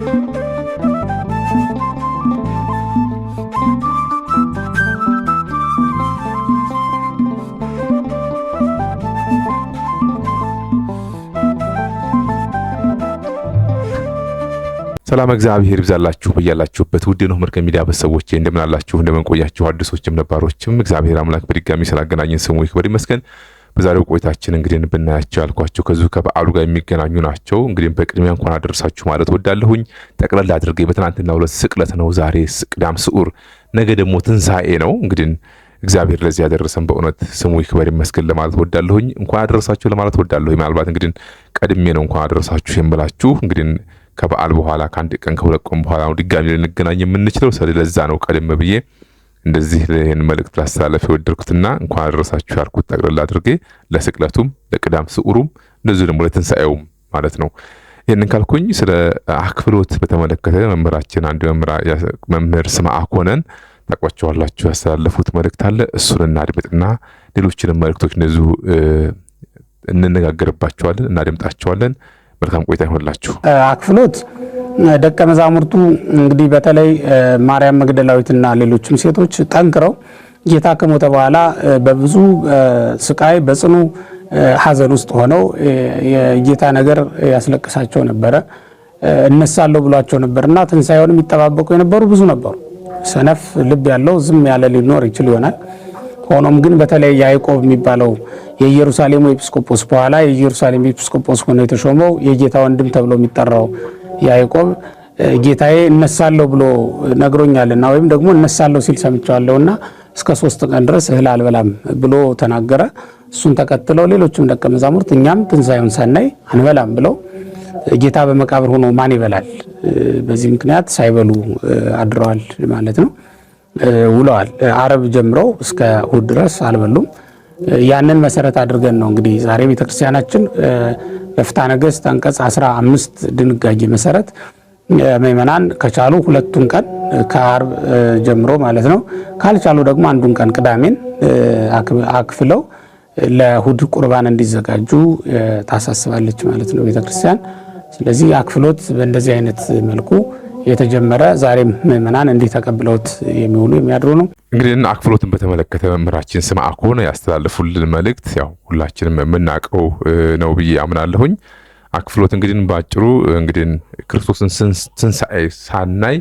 ሰላም እግዚአብሔር ይብዛላችሁ በያላችሁበት ውድ ነው መርከብ ሚዲያ በሰዎች እንደምን አላችሁ እንደምን ቆያችሁ አዲሶችም ነባሮችም እግዚአብሔር አምላክ በድጋሚ ስላገናኘን ስሙ ይክበር ይመስገን። በዛሬው ቆይታችን እንግዲህ ብናያቸው ያልኳቸው ከዚሁ ከበዓሉ ጋር የሚገናኙ ናቸው። እንግዲህ በቅድሚያ እንኳን አደረሳችሁ ማለት ወዳለሁኝ። ጠቅለል አድርጌ በትናንትና ሁለት ስቅለት ነው፣ ዛሬ ቅዳም ስዑር፣ ነገ ደግሞ ትንሣኤ ነው። እንግዲህ እግዚአብሔር ለዚህ ያደረሰን በእውነት ስሙ ይክበር ይመስገን ለማለት ወዳለሁኝ። እንኳን አደረሳችሁ ለማለት ወዳለሁ ምናልባት እንግዲህ ቀድሜ ነው እንኳን አደረሳችሁ የምላችሁ እንግዲህ ከበዓል በኋላ ከአንድ ቀን ከሁለት ቀን በኋላ ነው ድጋሚ ልንገናኝ የምንችለው። ስለዚህ ለዛ ነው ቀደም ብዬ እንደዚህ ይህን መልእክት ላስተላለፍ የወደድኩትና እንኳን አደረሳችሁ ያልኩት ጠቅልል አድርጌ ለስቅለቱም ለቅዳም ስዑሩም እንደዚሁ ደግሞ ለትንሣኤውም ማለት ነው። ይህንን ካልኩኝ ስለ አክፍሎት በተመለከተ መምህራችን አንድ መምህር ስምዐ ኮነን ታውቋቸዋላችሁ ያስተላለፉት መልእክት አለ። እሱን እናድምጥና ሌሎችንም መልእክቶች እንደዚሁ እንነጋገርባቸዋለን፣ እናድምጣቸዋለን። መልካም ቆይታ ይሆንላችሁ። አክፍሎት ደቀ መዛሙርቱ እንግዲህ በተለይ ማርያም መግደላዊትና ሌሎችም ሴቶች ጠንክረው ጌታ ከሞተ በኋላ በብዙ ስቃይ በጽኑ ሐዘን ውስጥ ሆነው የጌታ ነገር ያስለቅሳቸው ነበረ። እነሳለሁ ብሏቸው ነበርና ትንሣኤውን የሚጠባበቁ የነበሩ ብዙ ነበሩ። ሰነፍ ልብ ያለው ዝም ያለ ሊኖር ይችል ይሆናል። ሆኖም ግን በተለይ ያዕቆብ የሚባለው የኢየሩሳሌሙ ኤጲስቆጶስ በኋላ የኢየሩሳሌም ኤጲስቆጶስ ሆኖ የተሾመው የጌታ ወንድም ተብሎ የሚጠራው ያዕቆብ ጌታዬ እነሳለሁ ብሎ ነግሮኛልና ወይም ደግሞ እነሳለሁ ሲል ሰምቸዋለሁና እስከ ሶስት ቀን ድረስ እህል አልበላም ብሎ ተናገረ። እሱን ተከትለው ሌሎችም ደቀ መዛሙርት እኛም ትንሣኤውን ሳናይ አንበላም ብለው ጌታ በመቃብር ሆኖ ማን ይበላል? በዚህ ምክንያት ሳይበሉ አድረዋል ማለት ነው፣ ውለዋል። አረብ ጀምረው እስከ እሑድ ድረስ አልበሉም። ያንን መሰረት አድርገን ነው እንግዲህ ዛሬ ቤተክርስቲያናችን በፍትሐ ነገሥት አንቀጽ 15 ድንጋጌ መሰረት ምእመናን ከቻሉ ሁለቱን ቀን ከአርብ ጀምሮ ማለት ነው፣ ካልቻሉ ደግሞ አንዱን ቀን ቅዳሜን አክፍለው ለሁድ ቁርባን እንዲዘጋጁ ታሳስባለች ማለት ነው ቤተክርስቲያን። ስለዚህ አክፍሎት በእንደዚህ አይነት መልኩ የተጀመረ ዛሬም ምዕመናን እንዲህ ተቀብለውት የሚውሉ የሚያድሩ ነው። እንግዲህ እና አክፍሎትን በተመለከተ መምህራችን ኮነ ያስተላልፉልን መልእክት ያው ሁላችንም የምናውቀው ነው ብዬ አምናለሁኝ። አክፍሎት እንግዲህ በአጭሩ እንግዲህ ክርስቶስን ትንሣኤ ሳናይ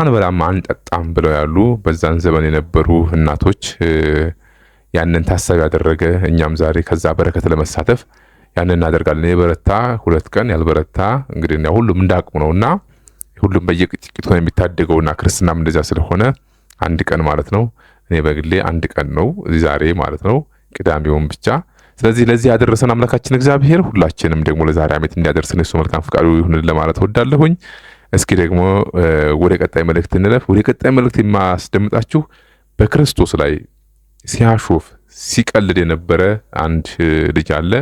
አንበላም አንጠጣም ብለው ያሉ በዛን ዘመን የነበሩ እናቶች ያንን ታሳቢ ያደረገ እኛም ዛሬ ከዛ በረከት ለመሳተፍ ያንን እናደርጋለን። የበረታ ሁለት ቀን ያልበረታ እንግዲህ ሁሉም እንዳቅሙ ነውና ሁሉም በየጥቂቱ ነው የሚታደገውና ክርስትናም እንደዚያ ስለሆነ አንድ ቀን ማለት ነው። እኔ በግሌ አንድ ቀን ነው ዛሬ ማለት ነው፣ ቅዳሜውን ብቻ። ስለዚህ ለዚህ ያደረሰን አምላካችን እግዚአብሔር ሁላችንም ደግሞ ለዛሬ ዓመት እንዲያደርሰን የሱ መልካም ፈቃዱ ይሁን ለማለት ወዳለሁኝ። እስኪ ደግሞ ወደ ቀጣይ መልእክት እንለፍ። ወደ ቀጣይ መልእክት የማስደምጣችሁ በክርስቶስ ላይ ሲያሾፍ ሲቀልድ የነበረ አንድ ልጅ አለ።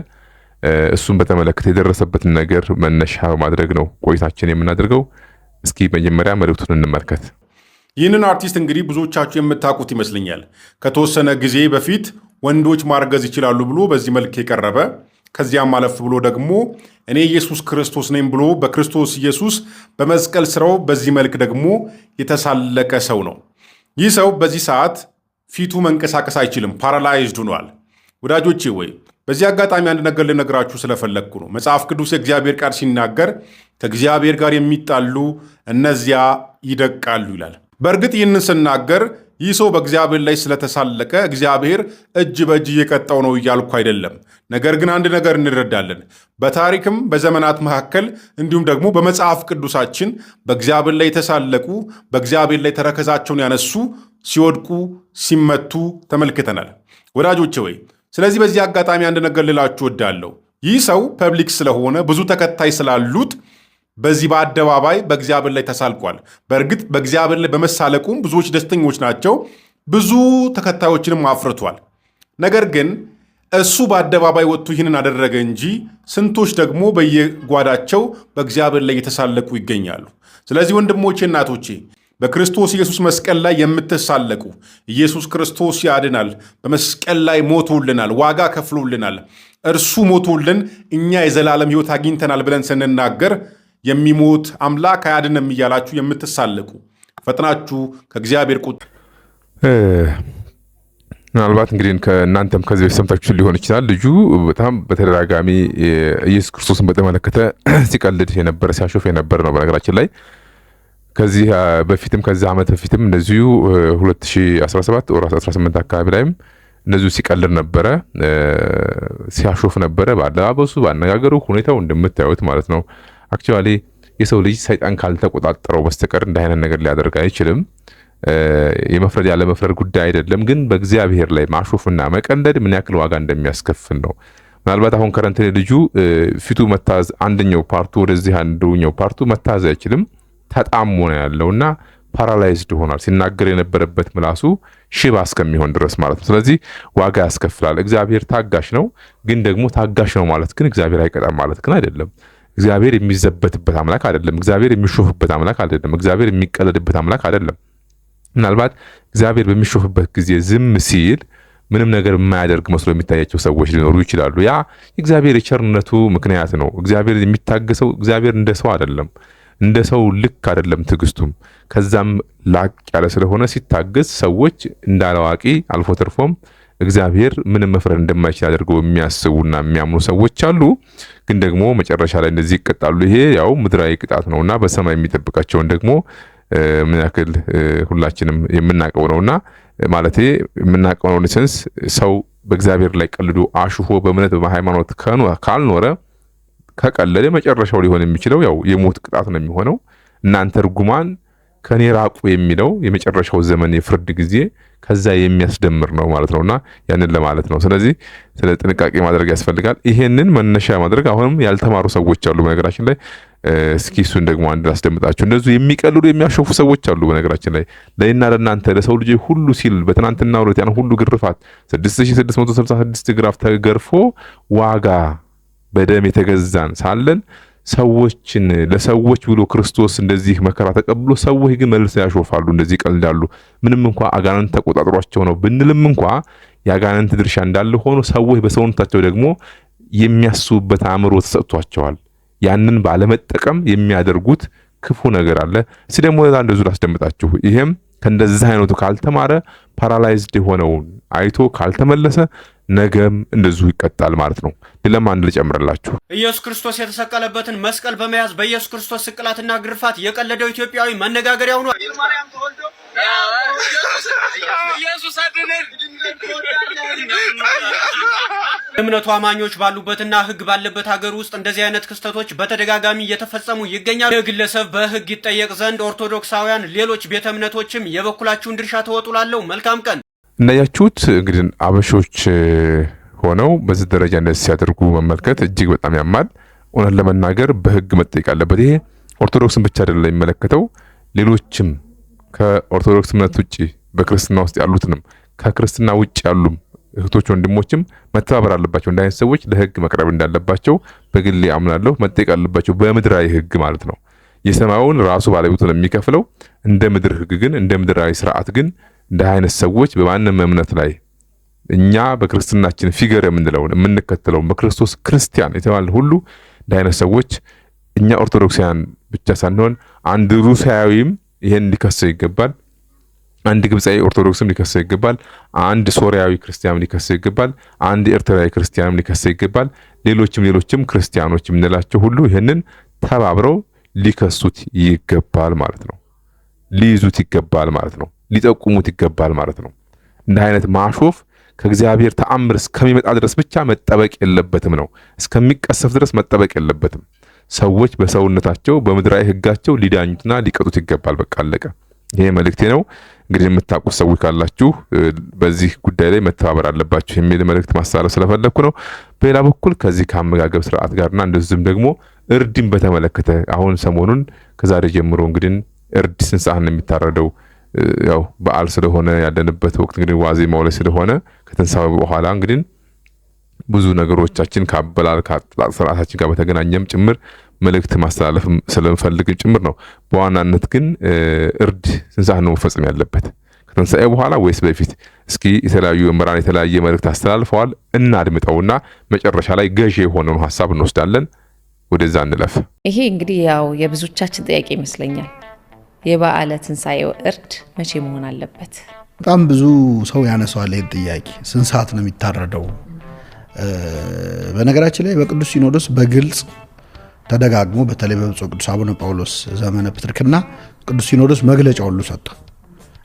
እሱን በተመለከተ የደረሰበትን ነገር መነሻ በማድረግ ነው ቆይታችን የምናደርገው። እስኪ መጀመሪያ መልእክቱን እንመልከት። ይህንን አርቲስት እንግዲህ ብዙዎቻችሁ የምታውቁት ይመስለኛል። ከተወሰነ ጊዜ በፊት ወንዶች ማርገዝ ይችላሉ ብሎ በዚህ መልክ የቀረበ ከዚያም አለፍ ብሎ ደግሞ እኔ ኢየሱስ ክርስቶስ ነኝ ብሎ በክርስቶስ ኢየሱስ በመስቀል ስራው በዚህ መልክ ደግሞ የተሳለቀ ሰው ነው። ይህ ሰው በዚህ ሰዓት ፊቱ መንቀሳቀስ አይችልም፣ ፓራላይዝድ ሆኗል። ወዳጆቼ ወይ በዚህ አጋጣሚ አንድ ነገር ልነግራችሁ ስለፈለግኩ ነው። መጽሐፍ ቅዱስ የእግዚአብሔር ቃል ሲናገር ከእግዚአብሔር ጋር የሚጣሉ እነዚያ ይደቃሉ ይላል። በእርግጥ ይህንን ስናገር ይህ ሰው በእግዚአብሔር ላይ ስለተሳለቀ እግዚአብሔር እጅ በእጅ እየቀጣው ነው እያልኩ አይደለም። ነገር ግን አንድ ነገር እንረዳለን። በታሪክም በዘመናት መካከል እንዲሁም ደግሞ በመጽሐፍ ቅዱሳችን በእግዚአብሔር ላይ የተሳለቁ በእግዚአብሔር ላይ ተረከዛቸውን ያነሱ ሲወድቁ፣ ሲመቱ ተመልክተናል። ወዳጆቼ ወይ ስለዚህ በዚህ አጋጣሚ አንድ ነገር ልላችሁ ወዳለሁ ይህ ሰው ፐብሊክ ስለሆነ ብዙ ተከታይ ስላሉት በዚህ በአደባባይ በእግዚአብሔር ላይ ተሳልቋል። በእርግጥ በእግዚአብሔር ላይ በመሳለቁም ብዙዎች ደስተኞች ናቸው። ብዙ ተከታዮችንም አፍርቷል። ነገር ግን እሱ በአደባባይ ወጥቶ ይህንን አደረገ እንጂ ስንቶች ደግሞ በየጓዳቸው በእግዚአብሔር ላይ እየተሳለቁ ይገኛሉ። ስለዚህ ወንድሞቼ እናቶቼ በክርስቶስ ኢየሱስ መስቀል ላይ የምትሳለቁ ኢየሱስ ክርስቶስ ያድናል። በመስቀል ላይ ሞቶልናል፣ ዋጋ ከፍሎልናል። እርሱ ሞቶልን እኛ የዘላለም ሕይወት አግኝተናል ብለን ስንናገር የሚሞት አምላክ አያድንም እያላችሁ የምትሳለቁ ፈጥናችሁ ከእግዚአብሔር ቁ ምናልባት እንግዲህ ከእናንተም ከዚህ በፊት ሰምታችሁ ሊሆን ይችላል። ልጁ በጣም በተደጋጋሚ ኢየሱስ ክርስቶስን በተመለከተ ሲቀልድ የነበረ ሲያሾፍ የነበረ ነው። በነገራችን ላይ ከዚህ በፊትም ከዚህ ዓመት በፊትም እንደዚሁ 2017 ወር 18 አካባቢ ላይም እነዚሁ ሲቀልር ነበረ፣ ሲያሾፍ ነበረ በአለባበሱ በአነጋገሩ ሁኔታው እንደምታዩት ማለት ነው። አክቹዋሊ የሰው ልጅ ሰይጣን ካልተቆጣጠረው በስተቀር እንደ አይነት ነገር ሊያደርግ አይችልም። የመፍረድ ያለመፍረድ ጉዳይ አይደለም፣ ግን በእግዚአብሔር ላይ ማሾፍና መቀለድ ምን ያክል ዋጋ እንደሚያስከፍል ነው። ምናልባት አሁን ከረንት ልጁ ፊቱ መታዝ አንደኛው ፓርቱ ወደዚህ አንደኛው ፓርቱ መታዝ አይችልም ተጣሞ ነው ያለውና ፓራላይዝድ ሆኗል። ሲናገር የነበረበት ምላሱ ሽባ እስከሚሆን ድረስ ማለት ነው። ስለዚህ ዋጋ ያስከፍላል። እግዚአብሔር ታጋሽ ነው፣ ግን ደግሞ ታጋሽ ነው ማለት ግን እግዚአብሔር አይቀጣም ማለት ግን አይደለም። እግዚአብሔር የሚዘበትበት አምላክ አይደለም። እግዚአብሔር የሚሾፍበት አምላክ አይደለም። እግዚአብሔር የሚቀለድበት አምላክ አይደለም። ምናልባት እግዚአብሔር በሚሾፍበት ጊዜ ዝም ሲል ምንም ነገር የማያደርግ መስሎ የሚታያቸው ሰዎች ሊኖሩ ይችላሉ። ያ እግዚአብሔር የቸርነቱ ምክንያት ነው። እግዚአብሔር የሚታገሰው እግዚአብሔር እንደ ሰው አይደለም። እንደ ሰው ልክ አይደለም ትዕግስቱም። ከዛም ላቅ ያለ ስለሆነ ሲታገስ ሰዎች እንዳላዋቂ አልፎ ተርፎም እግዚአብሔር ምንም መፍረድ እንደማይችል አድርገው የሚያስቡና የሚያምኑ ሰዎች አሉ። ግን ደግሞ መጨረሻ ላይ እንደዚህ ይቀጣሉ። ይሄ ያው ምድራዊ ቅጣት ነውና በሰማይ የሚጠብቃቸውን ደግሞ ምን ያክል ሁላችንም የምናቀው ነውና ማለት የምናቀው ነው። ሰው በእግዚአብሔር ላይ ቀልዶ አሽሆ በእምነት በሃይማኖት ካልኖረ ከቀለለ መጨረሻው ሊሆን የሚችለው ያው የሞት ቅጣት ነው የሚሆነው። እናንተ እርጉማን ከኔ ራቁ የሚለው የመጨረሻው ዘመን የፍርድ ጊዜ ከዛ የሚያስደምር ነው ማለት ነውና ያንን ለማለት ነው። ስለዚህ ስለ ጥንቃቄ ማድረግ ያስፈልጋል። ይሄንን መነሻ ማድረግ አሁንም ያልተማሩ ሰዎች አሉ በነገራችን ላይ። እስኪ እሱን ደግሞ አንድ ላስደምጣችሁ። እንደዚሁ የሚቀልሉ የሚያሾፉ ሰዎች አሉ በነገራችን ላይ ለእና ለእናንተ ለሰው ልጅ ሁሉ ሲል በትናንትና ሁለት ያን ሁሉ ግርፋት 6666 ግራፍ ተገርፎ ዋጋ በደም የተገዛን ሳለን ሰዎችን ለሰዎች ብሎ ክርስቶስ እንደዚህ መከራ ተቀብሎ ሰዎች ግን መልሰው ያሾፋሉ፣ እንደዚህ ይቀልዳሉ። ምንም እንኳ አጋንንት ተቆጣጥሯቸው ነው ብንልም እንኳ የአጋንንት ድርሻ እንዳለ ሆኖ ሰዎች በሰውነታቸው ደግሞ የሚያስቡበት አእምሮ ተሰጥቷቸዋል። ያንን ባለመጠቀም የሚያደርጉት ክፉ ነገር አለ። እስኪ ደግሞ ለዛ እንደዙ ላስደምጣችሁ። ይሄም ከእንደዚህ አይነቱ ካልተማረ ፓራላይዝድ የሆነውን አይቶ ካልተመለሰ ነገም እንደዚሁ ይቀጣል ማለት ነው። ድለም አንድ ልጨምርላችሁ። ኢየሱስ ክርስቶስ የተሰቀለበትን መስቀል በመያዝ በኢየሱስ ክርስቶስ ስቅላትና ግርፋት የቀለደው ኢትዮጵያዊ መነጋገሪያ ሆኗል። እምነቱ አማኞች ባሉበትና ሕግ ባለበት ሀገር ውስጥ እንደዚህ አይነት ክስተቶች በተደጋጋሚ እየተፈጸሙ ይገኛሉ። የግለሰብ በሕግ ይጠየቅ ዘንድ ኦርቶዶክሳውያን፣ ሌሎች ቤተ እምነቶችም የበኩላችሁን ድርሻ ተወጡላለሁ። መልካም ቀን እንዳያችሁት እንግዲህ አበሾች ሆነው በዚህ ደረጃ እንደዚህ ሲያደርጉ መመልከት እጅግ በጣም ያማል። እውነት ለመናገር በህግ መጠየቅ አለበት። ይሄ ኦርቶዶክስን ብቻ አይደለም የሚመለከተው፣ ሌሎችም ከኦርቶዶክስ እምነት ውጭ በክርስትና ውስጥ ያሉትንም ከክርስትና ውጭ ያሉም እህቶች ወንድሞችም መተባበር አለባቸው። እንደ አይነት ሰዎች ለህግ መቅረብ እንዳለባቸው በግሌ አምናለሁ። መጠየቅ አለባቸው፣ በምድራዊ ህግ ማለት ነው። የሰማዩን ራሱ ባለቤቱ ነው የሚከፍለው። እንደ ምድር ህግ ግን እንደ ምድራዊ ስርዓት ግን እንዲህ አይነት ሰዎች በማንም እምነት ላይ እኛ በክርስትናችን ፊገር የምንለውን የምንከተለውን በክርስቶስ ክርስቲያን የተባለ ሁሉ እንዲህ አይነት ሰዎች እኛ ኦርቶዶክሳውያን ብቻ ሳንሆን አንድ ሩሲያዊም ይሄን ሊከሰው ይገባል። አንድ ግብፃዊ ኦርቶዶክስም ሊከሰው ይገባል። አንድ ሶሪያዊ ክርስቲያንም ሊከሰው ይገባል። አንድ ኤርትራዊ ክርስቲያንም ሊከሰው ይገባል። ሌሎችም ሌሎችም ክርስቲያኖች የምንላቸው ሁሉ ይህንን ተባብረው ሊከሱት ይገባል ማለት ነው። ሊይዙት ይገባል ማለት ነው። ሊጠቁሙት ይገባል ማለት ነው። እንዲህ አይነት ማሾፍ ከእግዚአብሔር ተአምር እስከሚመጣ ድረስ ብቻ መጠበቅ የለበትም ነው። እስከሚቀሰፍ ድረስ መጠበቅ የለበትም። ሰዎች በሰውነታቸው በምድራዊ ሕጋቸው ሊዳኙትና ሊቀጡት ይገባል። በቃ አለቀ። ይሄ መልእክቴ ነው። እንግዲህ የምታውቁት ሰዎች ካላችሁ በዚህ ጉዳይ ላይ መተባበር አለባችሁ የሚል መልእክት ማሳለፍ ስለፈለግኩ ነው። በሌላ በኩል ከዚህ ከአመጋገብ ስርዓት ጋርና እንደዚሁም ደግሞ እርድን በተመለከተ አሁን ሰሞኑን ከዛሬ ጀምሮ እንግዲህ እርድ ስንት ሰዓት ነው የሚታረደው ያው በዓል ስለሆነ ያለንበት ወቅት እንግዲህ ዋዜማው ላይ ስለሆነ ከትንሳኤ በኋላ እንግዲህ ብዙ ነገሮቻችን ካበላል ከአጥጣጥ ስርዓታችን ጋር በተገናኘም ጭምር መልእክት ማስተላለፍ ስለምፈልግም ጭምር ነው። በዋናነት ግን እርድ ስንት ነው መፈጸም ያለበት? ከትንሳኤ በኋላ ወይስ በፊት? እስኪ የተለያዩ መምህራን የተለያየ መልእክት አስተላልፈዋል። እናድምጠውና መጨረሻ ላይ ገዢ የሆነውን ሀሳብ እንወስዳለን። ወደዛ እንለፍ። ይሄ እንግዲህ ያው የብዙቻችን ጥያቄ ይመስለኛል። የበዓለ ትንሣኤው እርድ መቼ መሆን አለበት? በጣም ብዙ ሰው ያነሰዋል ይህን ጥያቄ። ስንት ሰዓት ነው የሚታረደው? በነገራችን ላይ በቅዱስ ሲኖዶስ በግልጽ ተደጋግሞ በተለይ በብፁዕ ቅዱስ አቡነ ጳውሎስ ዘመነ ፕትርክና ቅዱስ ሲኖዶስ መግለጫ ሁሉ ሰጠ።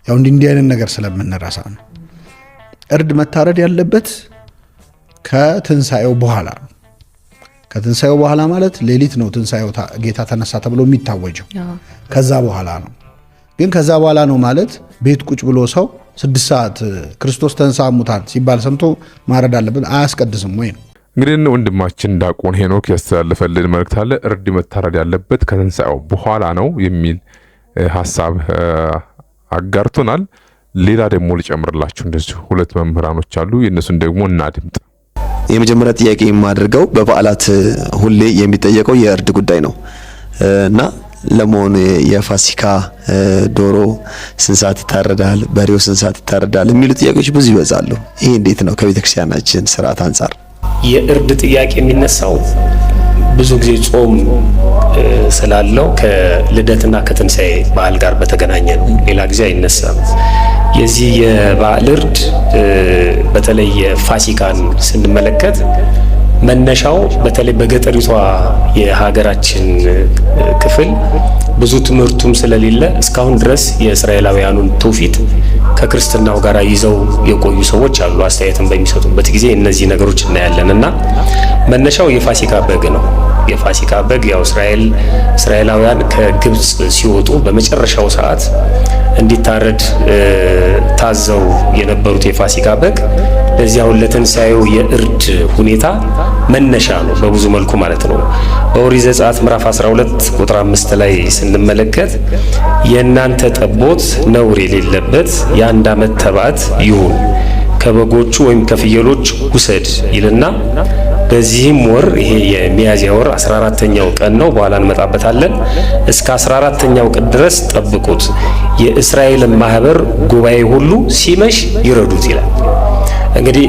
ያው እንዲህ እንዲህ አይነት ነገር ስለምንረሳ ነው እርድ መታረድ ያለበት ከትንሣኤው በኋላ ነው። ከትንሳኤው በኋላ ማለት ሌሊት ነው። ትንሳኤው ጌታ ተነሳ ተብሎ የሚታወጀው ከዛ በኋላ ነው። ግን ከዛ በኋላ ነው ማለት ቤት ቁጭ ብሎ ሰው ስድስት ሰዓት ክርስቶስ ተንሳ ሙታን ሲባል ሰምቶ ማረድ አለበት አያስቀድስም ወይ ነው። እንግዲህ ወንድማችን ዳቆን ሄኖክ ያስተላለፈልን መልእክት አለ። እርድ መታረድ ያለበት ከትንሳኤው በኋላ ነው የሚል ሀሳብ አጋርቶናል። ሌላ ደግሞ ልጨምርላችሁ እንደዚሁ ሁለት መምህራኖች አሉ። የእነሱን ደግሞ እናድምጥ። የመጀመሪያ ጥያቄ የማደርገው በበዓላት ሁሌ የሚጠየቀው የእርድ ጉዳይ ነው እና ለመሆኑ የፋሲካ ዶሮ ስንት ሰዓት ይታረዳል? በሬው ስንት ሰዓት ይታረዳል? የሚሉ ጥያቄዎች ብዙ ይበዛሉ። ይሄ እንዴት ነው ከቤተክርስቲያናችን ስርዓት አንጻር? የእርድ ጥያቄ የሚነሳው ብዙ ጊዜ ጾም ስላለው ከልደትና ከትንሣኤ በዓል ጋር በተገናኘ ነው። ሌላ ጊዜ አይነሳም። የዚህ የበዓል እርድ በተለይ የፋሲካን ስንመለከት መነሻው በተለይ በገጠሪቷ የሀገራችን ክፍል ብዙ ትምህርቱም ስለሌለ እስካሁን ድረስ የእስራኤላውያኑን ትውፊት ከክርስትናው ጋር ይዘው የቆዩ ሰዎች አሉ። አስተያየትን በሚሰጡበት ጊዜ እነዚህ ነገሮች እናያለን እና መነሻው የፋሲካ በግ ነው። የፋሲካ በግ ያው እስራኤል እስራኤላውያን ከግብፅ ሲወጡ በመጨረሻው ሰዓት እንዲታረድ ታዘው የነበሩት የፋሲካ በግ ለዚህ አሁን ለትንሣኤው የእርድ ሁኔታ መነሻ ነው፣ በብዙ መልኩ ማለት ነው። በኦሪት ዘጸአት ምዕራፍ 12 ቁጥር 5 ላይ ስንመለከት የእናንተ ጠቦት ነውር የሌለበት የአንድ ዓመት ተባት ይሁን ከበጎቹ ወይም ከፍየሎች ውሰድ ይልና በዚህም ወር ይሄ የሚያዝያ ወር 14ተኛው ቀን ነው፣ በኋላ እንመጣበታለን። እስከ 14ተኛው ቀን ድረስ ጠብቁት፣ የእስራኤልን ማህበር ጉባኤ ሁሉ ሲመሽ ይረዱት ይላል። እንግዲህ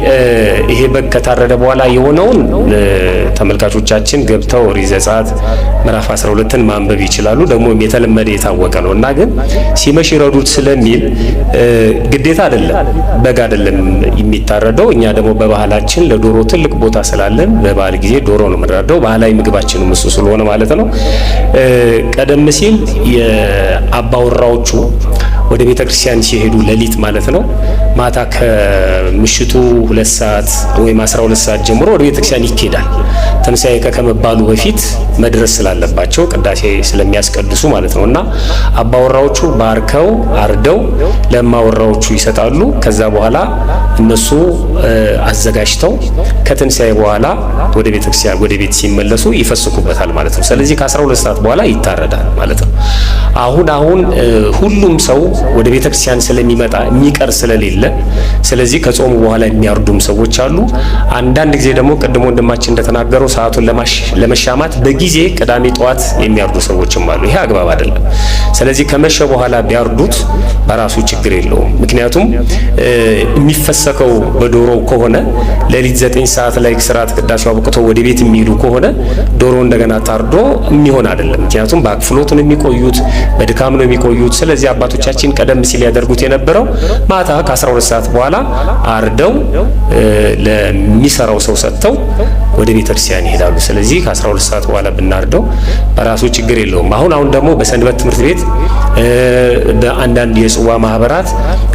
ይሄ በግ ከታረደ በኋላ የሆነውን ተመልካቾቻችን ገብተው ኦሪት ዘጸአት ምዕራፍ 12ን ማንበብ ይችላሉ። ደግሞ የተለመደ የታወቀ ነው እና ግን ሲመሽ ይረዱት ስለሚል ግዴታ አይደለም፣ በግ አይደለም የሚታረደው። እኛ ደግሞ በባህላችን ለዶሮ ትልቅ ቦታ ስላለን በባህል ጊዜ ዶሮ ነው የምንራደው። ባህላዊ ምግባችን እሱ ስለሆነ ማለት ነው። ቀደም ሲል የአባወራዎቹ ወደ ቤተክርስቲያን ሲሄዱ ሌሊት ማለት ነው ማታ ከምሽቱ ሁለት ሰዓት ወይም ሁለት ሰዓት ጀምሮ ወደ ቤተክርስቲያን ይኬዳል። ትንሳኤ ከመባሉ በፊት መድረስ ስላለባቸው ቅዳሴ ስለሚያስቀድሱ ማለት ነው እና አባወራዎቹ ባርከው አርደው ለማወራዎቹ ይሰጣሉ። ከዛ በኋላ እነሱ አዘጋጅተው ከትንሳኤ በኋላ ወደ ቤተክርስቲያን ወደ ቤት ሲመለሱ ይፈስኩበታል ማለት ነው። ስለዚህ ከ12 ሰዓት በኋላ ይታረዳል ማለት ነው። አሁን አሁን ሁሉም ሰው ወደ ቤተክርስቲያን ስለሚመጣ የሚቀር ስለሌለ አለ። ስለዚህ ከጾሙ በኋላ የሚያርዱም ሰዎች አሉ። አንዳንድ ጊዜ ደግሞ ቅድሞ ወንድማችን እንደተናገረው ሰዓቱን ለመሻማት በጊዜ ቅዳሜ ጠዋት የሚያርዱ ሰዎችም አሉ። ይሄ አግባብ አይደለም። ስለዚህ ከመሸ በኋላ ቢያርዱት በራሱ ችግር የለውም። ምክንያቱም የሚፈሰከው በዶሮ ከሆነ ሌሊት ዘጠኝ ሰዓት ላይ ስርዓት ቅዳሴ አብቅቶ ወደ ቤት የሚሄዱ ከሆነ ዶሮ እንደገና ታርዶ የሚሆን አይደለም። ምክንያቱም በአክፍሎት ነው የሚቆዩት፣ በድካም ነው የሚቆዩት። ስለዚህ አባቶቻችን ቀደም ሲል ያደርጉት የነበረው ማታ ከአስራ ከ12 ሰዓት በኋላ አርደው ለሚሰራው ሰው ሰጥተው ወደ ቤተ ክርስቲያን ይሄዳሉ። ስለዚህ ከ12 ሰዓት በኋላ ብናርደው በራሱ ችግር የለውም። አሁን አሁን ደግሞ በሰንበት ትምህርት ቤት በአንዳንድ የጽዋ ማህበራት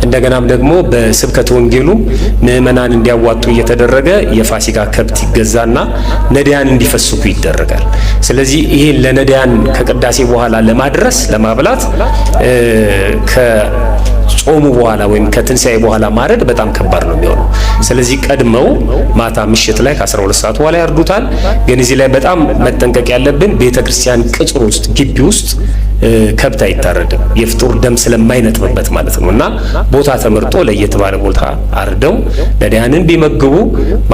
እንደገናም ደግሞ በስብከት ወንጌሉ ምእመናን እንዲያዋጡ እየተደረገ የፋሲካ ከብት ይገዛና ነዳያን እንዲፈስኩ ይደረጋል። ስለዚህ ይህን ለነዳያን ከቅዳሴ በኋላ ለማድረስ ለማብላት ከጾሙ በኋላ ወይም ከትንሳኤ በኋላ ማረድ በጣም ከባድ ነው የሚሆነው። ስለዚህ ቀድመው ማታ ምሽት ላይ ከ12 ሰዓት በኋላ ያርዱታል። ግን እዚህ ላይ በጣም መጠንቀቅ ያለብን ቤተ ክርስቲያን ቅጽር ውስጥ ግቢ ውስጥ ከብት አይታረድም። የፍጡር ደም ስለማይነጥብበት ማለት ነው። እና ቦታ ተመርጦ ለየት ባለ ቦታ አርደው ነዳያንን ቢመግቡ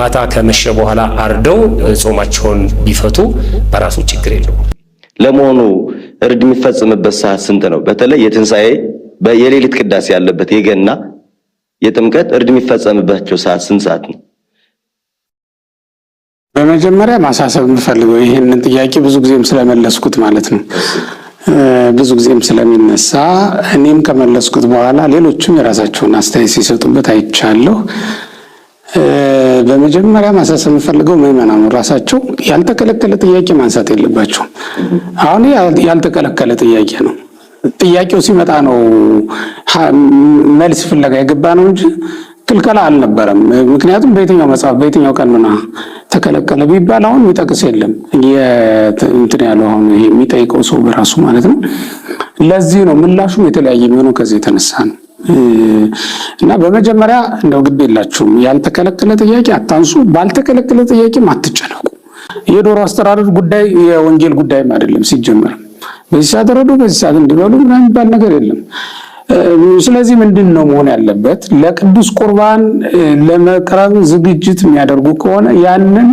ማታ ከመሸ በኋላ አርደው ጾማቸውን ቢፈቱ በራሱ ችግር የለውም። ለመሆኑ እርድ የሚፈጽምበት ሰዓት ስንት ነው? በተለይ የትንሣኤ የሌሊት ቅዳሴ ያለበት የገና የጥምቀት እርድ የሚፈጸምባቸው ሰዓት ስንት ሰዓት ነው? በመጀመሪያ ማሳሰብ የምፈልገው ይህንን ጥያቄ ብዙ ጊዜም ስለመለስኩት ማለት ነው ብዙ ጊዜም ስለሚነሳ እኔም ከመለስኩት በኋላ ሌሎችም የራሳቸውን አስተያየት ሲሰጡበት አይቻለሁ። በመጀመሪያ ማሳሰብ የምፈልገው ምዕመናኑ ራሳቸው ያልተከለከለ ጥያቄ ማንሳት የለባቸውም። አሁን ያልተከለከለ ጥያቄ ነው። ጥያቄው ሲመጣ ነው መልስ ፍለጋ የገባ ነው እንጂ ክልከላ አልነበረም። ምክንያቱም በየትኛው መጽሐፍ በየትኛው ቀኖና ተከለከለ ቢባል አሁን የሚጠቅስ የለም እንትን ያለው አሁን የሚጠይቀው ሰው በራሱ ማለት ነው። ለዚህ ነው ምላሹ የተለያየ የሚሆነው ከዚህ የተነሳ ነው እና በመጀመሪያ እንደው ግድ የላችሁም ያልተከለከለ ጥያቄ አታንሱ፣ ባልተከለከለ ጥያቄም አትጨነቁ። የዶሮ አስተዳደር ጉዳይ የወንጌል ጉዳይም አይደለም ሲጀመር በዚህ ሰዓት ረዱ፣ በዚህ ሰዓት እንዲበሉ ምናምን የሚባል ነገር የለም። ስለዚህ ምንድን ነው መሆን ያለበት? ለቅዱስ ቁርባን ለመቅረብ ዝግጅት የሚያደርጉ ከሆነ ያንን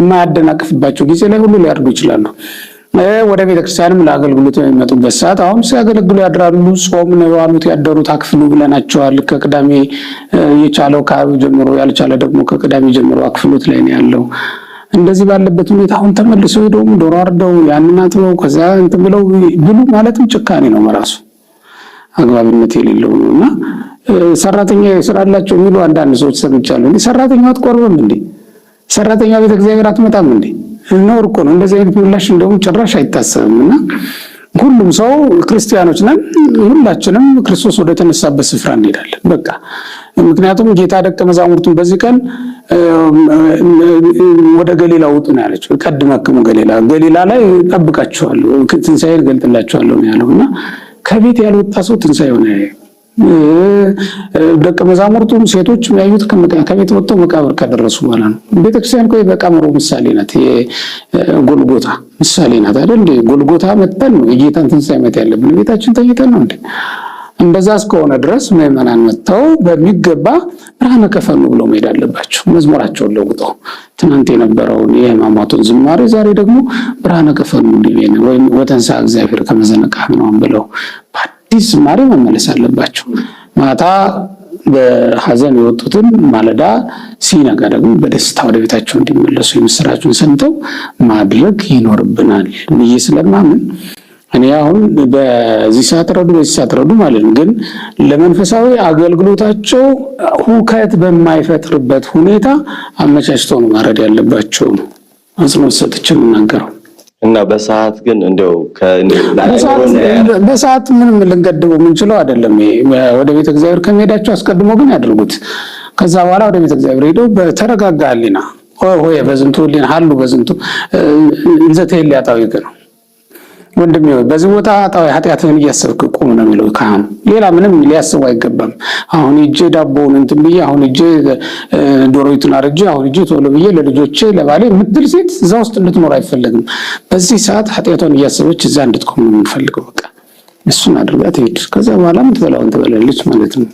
የማያደናቅፍባቸው ጊዜ ላይ ሁሉ ሊያደርጉ ይችላሉ። ወደ ቤተክርስቲያንም ለአገልግሎት የሚመጡበት ሰዓት አሁን ሲያገለግሉ ያድራሉ። ጾም ነው የዋሉት ያደሩት አክፍሉ ብለናቸዋል። ከቅዳሜ የቻለው ከአብ ጀምሮ ያልቻለ ደግሞ ከቅዳሜ ጀምሮ አክፍሉት ላይ ነው ያለው። እንደዚህ ባለበት ሁኔታ አሁን ተመልሶ ሄዶ ዶሮ አርደው ያንን አጥበው ከዛ እንትን ብለው ብሉ ማለትም ጭካኔ ነው መራሱ አግባብነት የሌለው ነው እና ሰራተኛ ስራላቸው የሚሉ አንዳንድ ሰዎች ሰምቻለሁ። እንዲህ ሰራተኛ አትቆርብም እንዴ? ሰራተኛ ቤተ እግዚአብሔር አትመጣም እንዴ? ነውር እኮ ነው። እንደዚህ አይነት ምላሽ እንደውም ጭራሽ አይታሰብም እና ሁሉም ሰው ክርስቲያኖች ነን። ሁላችንም ክርስቶስ ወደ ተነሳበት ስፍራ እንሄዳለን። በቃ ምክንያቱም ጌታ ደቀ መዛሙርቱን በዚህ ቀን ወደ ገሊላ ውጡ ነው ያለችው። ቀድመክሙ ገሊላ፣ ገሊላ ላይ ጠብቃችኋለሁ፣ ትንሣኤ ገልጥላችኋለሁ ነው ያለው እና ከቤት ያልወጣ ሰው ትንሣኤ ሆነ ደቀ መዛሙርቱም ሴቶች ያዩት ከቤት ወጥተው መቃብር ከደረሱ በኋላ ነው። ቤተክርስቲያን እኮ የመቃብሩ ምሳሌ ናት፣ የጎልጎታ ምሳሌ ናት አይደል? እንዴ? ጎልጎታ መጥተን ነው የጌታን ትንሳኤ መት ያለብን፣ ቤታችን ተኝተን ነው እንዴ? እንደዛ እስከሆነ ድረስ ምዕመናን መጥተው በሚገባ ብርሃነ ከፈኑ ብለው መሄድ አለባቸው። መዝሙራቸውን ለውጠው ትናንት የነበረውን የሕማማቱን ዝማሬ ዛሬ ደግሞ ብርሃነ ከፈኑ ወይም ወተንሳ እግዚአብሔር ከመዘነቃ ምናምን ብለው አዲስ ዝማሬ መመለስ አለባቸው። ማታ በሐዘን የወጡትን ማለዳ ሲነጋ ደግሞ በደስታ ወደ ቤታቸው እንዲመለሱ የምስራቹን ሰምተው ማድረግ ይኖርብናል ብዬ ስለማምን እኔ አሁን በዚህ ሰዓት ረዱ፣ በዚህ ሰዓት ረዱ ማለት ግን ለመንፈሳዊ አገልግሎታቸው ሁከት በማይፈጥርበት ሁኔታ አመቻችተው ነው ማረድ ያለባቸው ነው አጽንኦት ሰጥቼ የምናገረው። እና በሰዓት ግን እንደው በሰዓት ምንም ልንገድበው የምንችለው አይደለም። ወደ ቤተ እግዚአብሔር ከመሄዳቸው አስቀድሞ ግን ያድርጉት። ከዛ በኋላ ወደ ቤተ እግዚአብሔር ሄደው በተረጋጋ ህሊና ሆይ በዝንቱ ህሊና ሀሉ በዝንቱ እንዘተ ትሄሊ ኃጣውእከ ነው ወንድሜ፣ በዚህ ቦታ ኃጢአትህን እያሰብክ እኮ ነው የሚለው ካህኑ። ሌላ ምንም ሊያስቡ አይገባም። አሁን እጄ ዳቦውን እንትን ብዬ አሁን እጄ ዶሮዊቱን አርጄ አሁን እጄ ቶሎ ብዬ ለልጆቼ ለባሌ የምትል ሴት እዛ ውስጥ እንድትኖር አይፈለግም። በዚህ ሰዓት ኃጢአቷን እያሰበች እዛ እንድትቆም ነው የምንፈልገው። በቃ እሱን አድርጋ ትሄድ። ከዛ በኋላም ትበላውን ትበላለች ማለት ነው።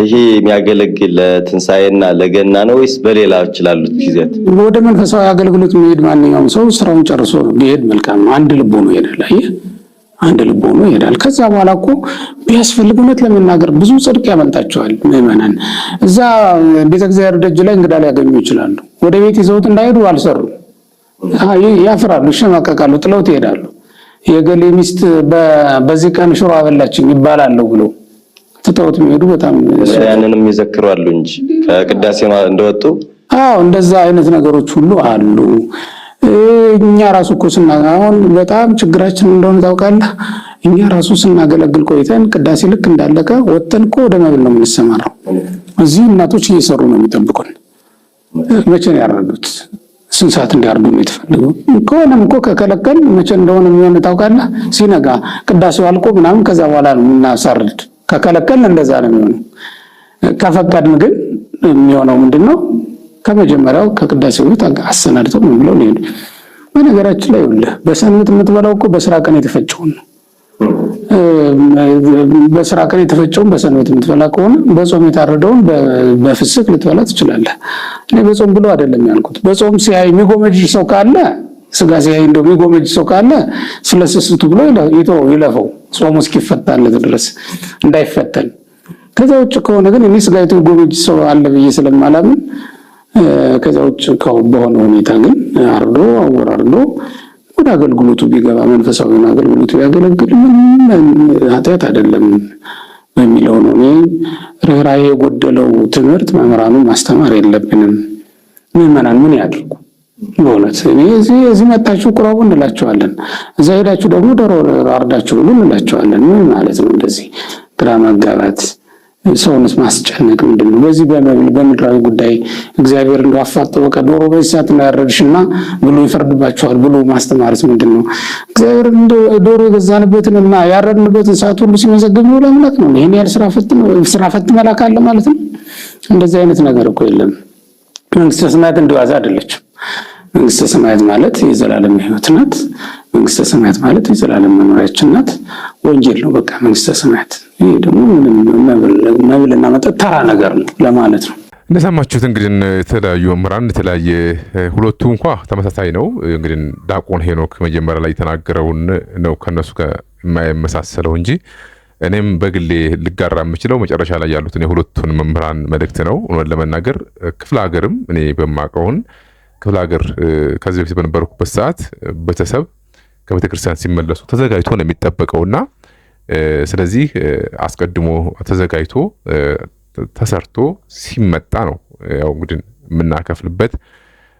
ይሄ የሚያገለግል ለትንሳኤና ለገና ነው ወይስ በሌላዎች ላሉት ጊዜያት? ወደ መንፈሳዊ አገልግሎት የሚሄድ ማንኛውም ሰው ስራውን ጨርሶ ቢሄድ መልካም ነው። አንድ ልቦ ነው ይሄዳል። አንድ ልብ ሆኖ ይሄዳል። ከዛ በኋላ እኮ ቢያስፈልግ እውነት ለመናገር ብዙ ጽድቅ ያመልጣቸዋል ምዕመናን። እዛ ቤተ እግዚአብሔር ደጅ ላይ እንግዳ ሊያገኙ ይችላሉ። ወደ ቤት ይዘውት እንዳይሄዱ አልሰሩ ያፍራሉ፣ ይሸማቀቃሉ፣ ጥለውት ይሄዳሉ። የገሌ ሚስት በዚህ ቀን ሽሮ አበላችኝ ይባላለሁ ብሎ ትተውት የሚሄዱ በጣም ያንንም ይዘክራሉ እንጂ ከቅዳሴ እንደወጡ። አዎ እንደዛ አይነት ነገሮች ሁሉ አሉ። እኛ ራሱ እኮ ስና አሁን በጣም ችግራችን እንደሆነ ታውቃለህ። እኛ ራሱ ስናገለግል ቆይተን ቅዳሴ ልክ እንዳለቀ ወጥተን እኮ ወደ መብል ነው የምንሰማራው። እዚህ እናቶች እየሰሩ ነው የሚጠብቁን። መቼ ነው ያረዱት? ስንት ሰዓት እንዲያርዱ ነው ከሆነም እኮ ከከለከል መቼ እንደሆነ የሚሆን ታውቃለህ። ሲነጋ ቅዳሴው አልቆ ምናምን ከዛ በኋላ ነው የምናሳርድ። ከከለከል እንደዛ ነው የሚሆነው። ከፈቀድን ግን የሚሆነው ምንድን ነው? ከመጀመሪያው ከቅዳሴ ሁለት አሰናድተው ምን ብለው ሊሄዱ። በነገራችን ላይ ሁለ በሰንበት የምትበላው እኮ በስራ ቀን የተፈጨውን በስራ ቀን የተፈጨውን በሰንበት የምትበላ ከሆነ በጾም የታረደውን በፍስክ ልትበላ ትችላለህ። እኔ በጾም ብሎ አይደለም ያልኩት። በጾም ሲያይ የሚጎመጅ ሰው ካለ ስጋ ሲያይ እንደው የሚጎመጅ ሰው ካለ ስለ ስስቱ ብሎ ይተው ይለፈው፣ ጾሙ እስኪፈታለት ድረስ እንዳይፈተን። ከዛ ውጭ ከሆነ ግን እኔ ስጋ ጎመጅ ሰው አለ ብዬ ስለማላምን ከዛ ውጭ በሆነ ሁኔታ ግን አርዶ አወራርዶ ወደ አገልግሎቱ ቢገባ መንፈሳዊውን አገልግሎቱ ቢያገለግል ኃጢአት አይደለም በሚለው ነው። እኔ ርኅራኄ የጎደለው ትምህርት መምህራኑን ማስተማር የለብንም። ምዕመናን ምን ያድርጉ? በእውነት እኔ እዚህ መታችሁ ቁረቡ እንላቸዋለን። እዛ ሄዳችሁ ደግሞ ዶሮ አርዳችሁ ብሉ እንላቸዋለን። ምን ማለት ነው እንደዚህ ግራ መጋባት ሰውነት ማስጨነቅ ምንድን ነው? በዚህ በምድራዊ ጉዳይ እግዚአብሔር እንደ አፋጦ በቃ ዶሮ በዚህ ሰዓት እንዳያረድሽ እና ብሎ ይፈርድባቸዋል ብሎ ማስተማርስ ምንድን ነው? እግዚአብሔር ዶሮ የገዛንበትን እና ያረድንበትን ሰዓት ሁሉ ሲመዘግብ ነው ለአምላክ ነው። ይህን ያህል ስራ ፈት መላክ አለ ማለት ነው። እንደዚህ አይነት ነገር እኮ የለም። መንግስተ ሰማያት እንዲዋዛ አይደለችም። መንግስተ ሰማያት ማለት የዘላለም ህይወት ናት። መንግስተ ሰማያት ማለት የዘላለም መኖሪያችን ናት። ወንጌል ነው በቃ መንግስተ ሰማያት። ይሄ ደግሞ ምንም መብል መብልና መጠጥ ተራ ነገር ነው ለማለት ነው። እንደሰማችሁት እንግዲህ የተለያዩ መምህራን የተለያየ ሁለቱ እንኳ ተመሳሳይ ነው። እንግዲህ ዲያቆን ሄኖክ መጀመሪያ ላይ የተናገረውን ነው ከነሱ ጋር የማይመሳሰለው እንጂ እኔም በግሌ ልጋራ የምችለው መጨረሻ ላይ ያሉትን የሁለቱን መምህራን መልእክት ነው። እውነት ለመናገር ክፍለ ሀገርም እኔ በማቀውን ክፍለ ሀገር ከዚህ በፊት በነበርኩበት ሰዓት ቤተሰብ ከቤተክርስቲያን ሲመለሱ ተዘጋጅቶ ነው የሚጠበቀውና ስለዚህ አስቀድሞ ተዘጋጅቶ ተሰርቶ ሲመጣ ነው ያው እንግዲህ የምናከፍልበት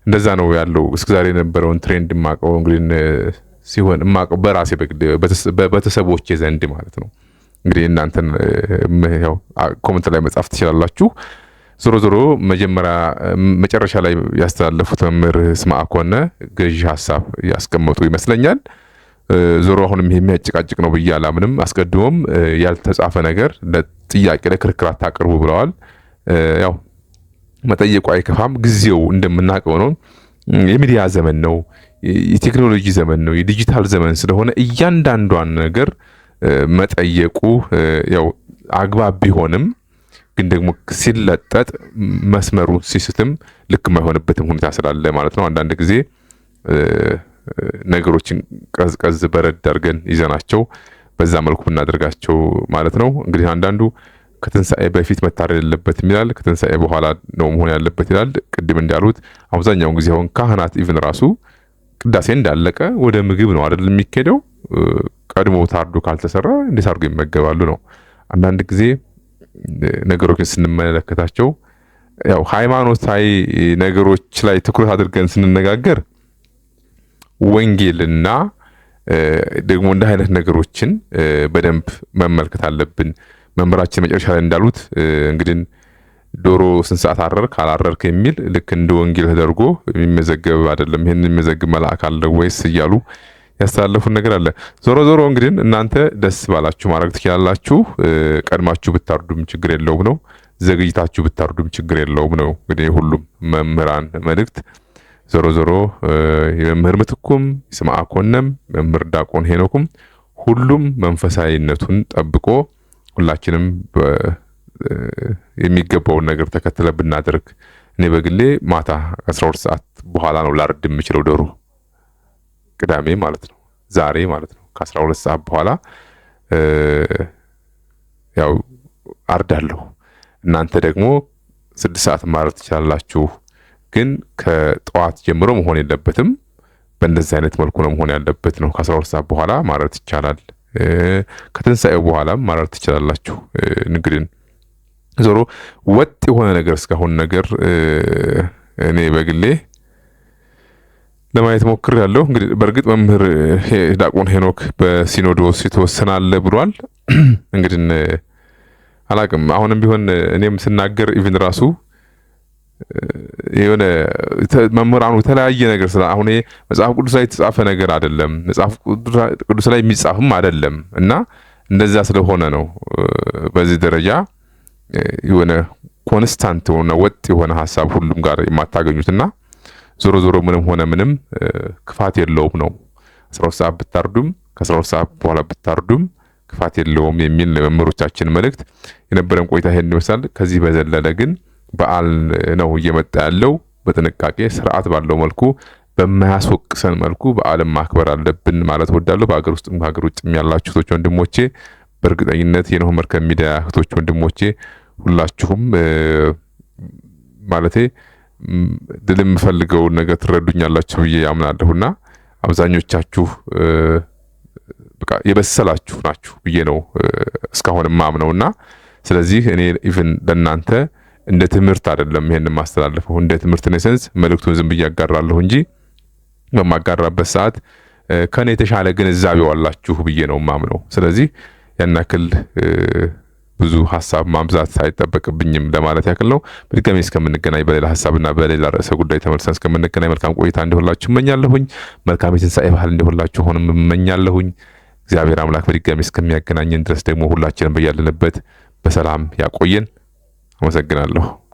እንደዛ ነው ያለው። እስከዛሬ የነበረውን ትሬንድ የማቀው እንግዲህ ሲሆን የማቀው በራሴ በቤተሰቦቼ ዘንድ ማለት ነው። እንግዲህ እናንተን ያው ኮመንት ላይ መጻፍ ትችላላችሁ። ዞሮ ዞሮ መጀመሪያ መጨረሻ ላይ ያስተላለፉት መምህር ስምዐ ኮነ ገዢ ሀሳብ ያስቀመጡ ይመስለኛል። ዞሮ አሁንም ይሄ የሚያጨቃጭቅ ነው ብዬ አላምንም። አስቀድሞም ያልተጻፈ ነገር ለጥያቄ ለክርክር አታቅርቡ ብለዋል። ያው መጠየቁ አይከፋም። ጊዜው እንደምናውቀው ነው። የሚዲያ ዘመን ነው። የቴክኖሎጂ ዘመን ነው። የዲጂታል ዘመን ስለሆነ እያንዳንዷን ነገር መጠየቁ ያው አግባብ ቢሆንም ግን ደግሞ ሲለጠጥ መስመሩ ሲስትም ልክ የማይሆንበትም ሁኔታ ስላለ ማለት ነው አንዳንድ ጊዜ ነገሮችን ቀዝቀዝ በረድ አድርገን ይዘናቸው በዛ መልኩ ብናደርጋቸው ማለት ነው። እንግዲህ አንዳንዱ ከትንሣኤ በፊት መታረድ የለበት ይላል፣ ከትንሣኤ በኋላ ነው መሆን ያለበት ይላል። ቅድም እንዳሉት አብዛኛውን ጊዜ አሁን ካህናት ኢቭን ራሱ ቅዳሴ እንዳለቀ ወደ ምግብ ነው አይደል የሚካሄደው። ቀድሞ ታርዶ ካልተሰራ እንዴት አድርጎ ይመገባሉ ነው። አንዳንድ ጊዜ ነገሮችን ስንመለከታቸው ያው ሃይማኖታዊ ነገሮች ላይ ትኩረት አድርገን ስንነጋገር ወንጌልና ደግሞ እንደ አይነት ነገሮችን በደንብ መመልከት አለብን። መምህራችን መጨረሻ ላይ እንዳሉት እንግዲህ ዶሮ ስንት ሰዓት አረርክ አላረርክ የሚል ልክ እንደ ወንጌል ተደርጎ የሚመዘገብ አይደለም። ይህን የሚመዘግብ መልአክ አለ ወይስ እያሉ ያስተላለፉን ነገር አለ። ዞሮ ዞሮ እንግዲህ እናንተ ደስ ባላችሁ ማድረግ ትችላላችሁ። ቀድማችሁ ብታርዱም ችግር የለውም ነው። ዘግይታችሁ ብታርዱም ችግር የለውም ነው። እንግዲህ ሁሉም መምህራን መልእክት ዞሮ ዞሮ የመምህር ምትኩም ይስምዐ ኮነም መምህር ዳቆን ሄኖኩም ሁሉም መንፈሳዊነቱን ጠብቆ ሁላችንም የሚገባውን ነገር ተከትለ ብናደርግ እኔ በግሌ ማታ 12 ሰዓት በኋላ ነው ላርድ የምችለው ዶሮ ቅዳሜ ማለት ነው ዛሬ ማለት ነው ከ12 ሰዓት በኋላ ያው አርዳለሁ እናንተ ደግሞ ስድስት ሰዓት ማረድ ትችላላችሁ ግን ከጠዋት ጀምሮ መሆን የለበትም። በእንደዚህ አይነት መልኩ ነው መሆን ያለበት ነው። ከአስራ ሁለት ሰዓት በኋላ ማረት ይቻላል። ከትንሣኤው በኋላም ማረት ትችላላችሁ። ንግድን ዞሮ ወጥ የሆነ ነገር እስካሁን ነገር እኔ በግሌ ለማየት ሞክር ያለው እንግዲህ በእርግጥ መምህር ዲያቆን ሄኖክ በሲኖዶስ የተወሰነ አለ ብሏል። እንግዲህ አላቅም አሁንም ቢሆን እኔም ስናገር ኢቭን ራሱ የሆነ መምህራኑ የተለያየ ነገር ስለ አሁን መጽሐፍ ቅዱስ ላይ የተጻፈ ነገር አይደለም፣ መጽሐፍ ቅዱስ ላይ የሚጻፍም አይደለም እና እንደዛ ስለሆነ ነው በዚህ ደረጃ የሆነ ኮንስታንት የሆነ ወጥ የሆነ ሀሳብ ሁሉም ጋር የማታገኙት እና ዞሮ ዞሮ ምንም ሆነ ምንም ክፋት የለውም ነው። አስራ ሁለት ሰዓት ብታርዱም ከአስራ ሁለት ሰዓት በኋላ ብታርዱም ክፋት የለውም የሚል መምህሮቻችን መልእክት። የነበረን ቆይታ ይሄን ይመስላል። ከዚህ በዘለለ ግን በዓል ነው እየመጣ ያለው። በጥንቃቄ ስርዓት ባለው መልኩ በማያስወቅሰን መልኩ በዓልን ማክበር አለብን ማለት ወዳለሁ። በሀገር ውስጥም ሀገር ውጭም ያላችሁ እህቶች ወንድሞቼ፣ በእርግጠኝነት የነሆ መርከብ ሚዲያ እህቶች ወንድሞቼ ሁላችሁም ማለቴ ድል የምፈልገውን ነገር ትረዱኛላችሁ ብዬ ያምናለሁና አብዛኞቻችሁ በቃ የበሰላችሁ ናችሁ ብዬ ነው እስካሁን ማምነውና ስለዚህ እኔ ኢቨን ለእናንተ እንደ ትምህርት አይደለም ይሄን ማስተላለፈው። እንደ ትምህርት ነው ሰንስ መልእክቱን ዝም ብዬ አጋራለሁ እንጂ በማጋራበት ሰዓት ከኔ የተሻለ ግንዛቤ ዋላችሁ ብዬ ነው ማምነው። ስለዚህ ያን ያክል ብዙ ሀሳብ ማምዛት አይጠበቅብኝም ለማለት ያክል ነው። በድጋሚ እስከምንገናኝ በሌላ ሀሳብና በሌላ ርዕሰ ጉዳይ ተመልሰን እስከምንገናኝ መልካም ቆይታ እንዲሆንላችሁ እመኛለሁኝ። መልካም የትንሣኤ ባህል እንዲሆንላችሁ ሆንም እመኛለሁኝ። እግዚአብሔር አምላክ በድጋሚ እስከሚያገናኘን ድረስ ደግሞ ሁላችንም በያለንበት በሰላም ያቆየን። Vamos a crearlo